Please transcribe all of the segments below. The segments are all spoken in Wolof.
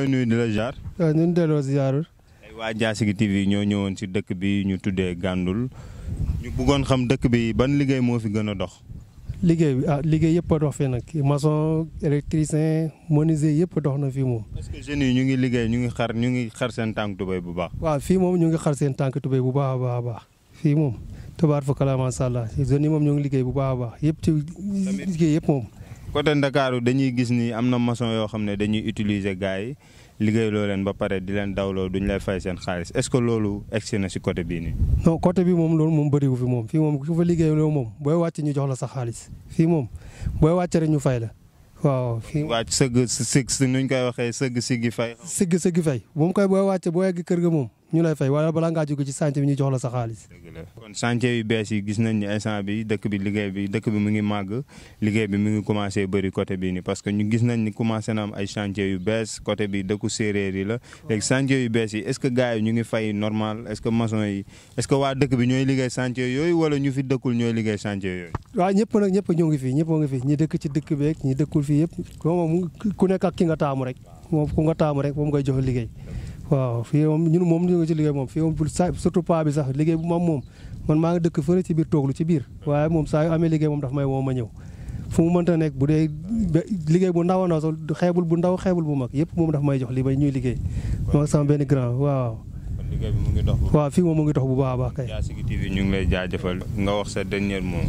lay nuyu di la ziar. si ñu ngi delloo waa Diassigui TV ñoo ñëwoon si dëkk bi ñu tuddee Gandoul ñu bëggoon xam dëkk bi ban liggéey moo fi gën a dox. liggéey bi ah liggéey yëpp a dox fii nag maçon électricien menuisier yëpp dox na fii moom. est-ce que jeunes yi ñu ngi liggéey ñu ngi xar ñu ngi xar seen tànk tubéy bu baax. waaw fii moom ñu ngi xar seen tànk tubéy bu baax a baax a moom tubaar fa kala macha allah jeunes yi moom ñu ngi liggéey bu baax a yëpp ci liggéey yëpp moom. côté Ndakaaru dañuy gis ni am na maçon yoo xam ne dañuy utiliser gars yi liggéey loo leen ba pare di leen dawloo duñ lay fay seen xaalis est-ce que loolu egsi na si côté bii nii. non côté bi moom loolu moom bëriwu fi moom fii moom ku fa liggéey loolu moom booy wàcc ñu jox la sa xaalis fii moom booy wàcc rek ñu fay la waaw. fii wàcc sëgg si si nuñ koy waxee sëgg si gi fay. sëgg si fay bu mu koy booy wàcc boo yegg kër ga moom ñu lay fay waaye balaa ngaa jóge ci chantier bi ñu jox la sa xaalis. kon chantier yu bees yi gis nañ ni instant bi dëkk bi liggéey bi dëkk bi mu ngi màgg liggéey bi mu ngi commencé bëri côté bii nii parce que ñu gis nañ ni commencé na am ay chantier yu bees côté bi dëkku séeréer yi la léegi chantier yu bees yi est ce que gars yi ñu ngi fay normal est ce que maçon yi est ce que waa dëkk bi ñooy liggéey chantier yooyu wala ñu fi dëkkul ñooy liggéey chantier yooyu. waaw ñëpp nag ñëpp ñoo ngi fi ñëpp ngi fi ñi dëkk ci dëkk beeg ñi dëkkul fii yëpp moom ku nekk ak ki nga taamu rek moom ku nga taamu rek moom ngay jox liggéey waaw fii moom ñun moom ñu ngi ci moom fii moom surtout bi sax liggéey bu ma moom man maa ngi dëkk fële ci biir tooglu biir mm. waaye moom saa yu amee liggéey moom may woo ma ñëw fu nekk bu dee liggéey bu ndaw a xeebul bu ndaw xeebul bu mag yëpp moom daf may jox li ba ñuy liggéey moo sama benn grand waaw liggéey bi mu dox fii moom mu ngi dox bu baax a baax kay ñu ngi lay jaajëfal nga wax sa dernier mot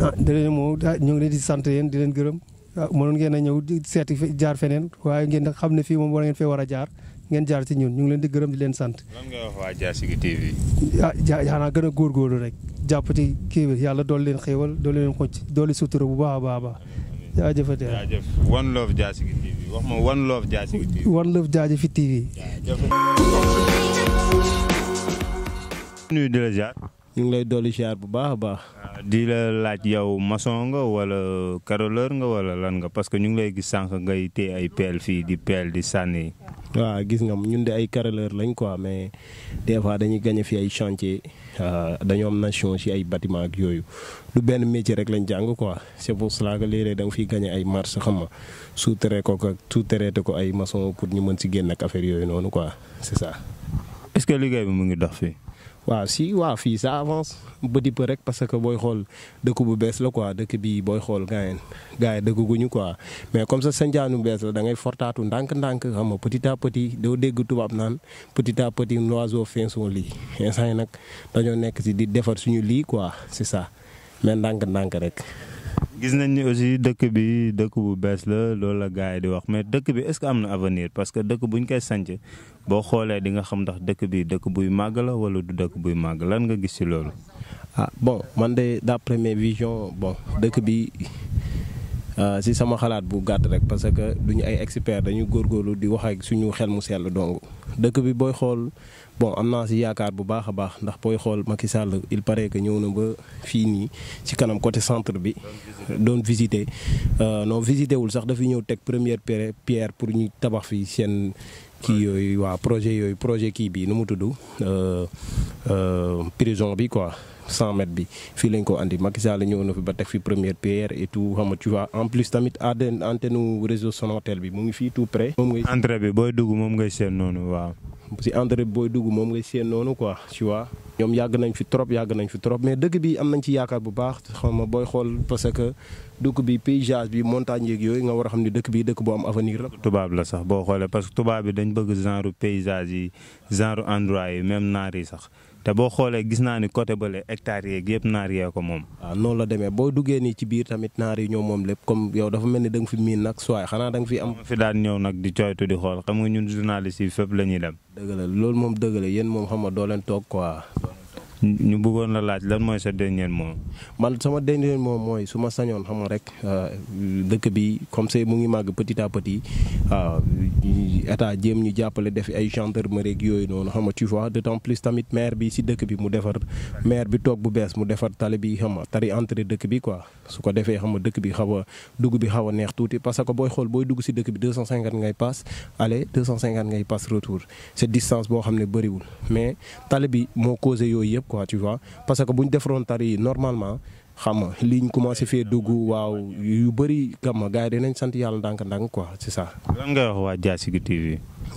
ah dernier mot ah, ñoo ngi leen di sant yéen di leen gërëm ah, mënoon ngeen a ñëw seeti jaar feneen waaye ngeen xam ne fii moom war ngeen fee war a jaar ngeen jaar ci ñun ñu ngi leen di gërëm di leen sant. lan nga wax waa Diassigui TV. ya, ja ya, na gëna goor goor rek japp ci kii yalla dool leen xewal dool leen xoc dool sutura bu baa baa baax a baax. jaajëfate jëf one love ci TV wax ma one love ci TV. one love ci TV. ñu di la jaar. ñu ngi lay ci jaar bu baa baa ah, di la laaj yow maçon nga wala caroleur nga wala lan nga parce que ñu ngi lay gis sank ngay téye ay pel fi di pel di sànni. waaw gis nga mu ñun de ay carreleur lañ quoi mais des fois dañuy gagné fi ay chantier euh, dañoo am nation si ay batiment ak yooyu du benn métier rek lañ jàng quoi c'est pour cela que léeg-léeg da nga fiy gagné ay marché xam nga sous-traité ko ak sous ko ay maçon pour ñu mën si génn ak affaire yooyu noonu quoi c'est ça. est-ce que liggéey bi mu ngi dox fii. waaw si waaw fii ça avance body peu rek parce que booy xool dëkk bu bees la quoi dëkk bi booy xool gaayen gaay gars quoi mais comme ça sanjaanu bees la da ngay fortaatu ndànk-ndànk xam nga petit à petit doo dégg tubaab naan petit à petit l'oiseau fait son lit instant yi nag dañoo nekk si di defar suñu lii quoi c'est ça mais ndànk-ndànk rek. gis nañ ni aussi dëkk bi dëkk bu bees la loolu la gars yi di wax mais dëkk bi est am na avenir parce que dëkk buñ koy sanc boo xoolee di nga xam ndax dëkk bi dëkk buy màgg la wala du dëkk buy màgg lan nga gis ci loolu. ah bon man de d'après mes visions bon dëkk bi si euh, sama xalaat bu gàtt rek parce que ñu ay experts dañu góor góorlu di wax ak suñu xel mu sell dong dëkk bi booy xool bon am naa si yaakaar bu baax a baax ndax booy xool Macky sàll il paraît que ñëw na ba fii nii ci kanam côté centre bi. doon visiter euh, non visiter wul sax dafi ñëw teg première pierre pour ñuy tabax fii seen. Qui est un projet un projet qui bi projet euh, euh, prison bi quoi 100 mètres bi qui lañ ko andi Macky Sall fi ba première pierre et tout xam tu vois en plus tamit projet antenne réseau un bi mu ngi tout près. est ngay entrée bi non dugg projet ngay quoi tu vois. ñoom yàgg nañ fi trop yàgg nañ fi trop mais dëkk bi am nañ ci yaakaar bu baax xam nga booy xool parce que dëkk bi paysage bi montagne yeeg yooyu nga war a xam ni dëkk bi dëkk bu am avenir la. la sax boo xoolee parce que tubaab bi dañ bëgg genre paysage yi genre endroit yi même sax. te boo xoolee gis naa ni côté bële hectare yeeg yëpp naar yee ko moom. waaw ah, la demee boo duggee nii ci biir tamit naar yi moom lépp comme yow dafa mel ni da nga fi miin nag xanaa da nga am. fi daan ñëw nag di coytu di xool xam nga ñun journaliste yi fépp la ñuy dem. dëgg la loolu moom dëgg la yéen moom xam nga dooleen leen toog quoi. ñu bëggoon la laaj lan mooy sa dernier mot. man sama dernier mot mooy su ma sañoon xam nga rek euh, dëkk bi comme c'est mu ngi màgg petit à petit euh, état jéem ñu jàppale def ay gendarmerie ak yooyu noonu xam nga tu vois d'autant plus tamit maire bi si dëkk bi mu defar maire bi toog bu bees mu defar tali bi xam nga tari entrée dëkk bi quoi su ko defee xam nga dëkk bi xaw a dugg bi xaw a neex tuuti parce que booy xool booy dugg si dëkk bi 250 ngay pass aller 250 ngay pass retour c'est distance boo xam ne bëriwul mais tali bi moo causé yooyu yëpp. quoi tu vois parce que bu ñu defaroon tari yi normalement xam nga li ñu commencé fee dugg waaw yu bëri kam nga gars yi dinañ sant yàlla ndànk-ndànk quoi c'est sax lan nga wax waa Diassigui TV.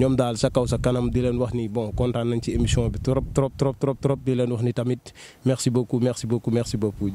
Nous sommes sa kaw sa kanam di len wax ni bon nañ ci émission trop trop trop trop trop di tamit merci beaucoup merci beaucoup merci beaucoup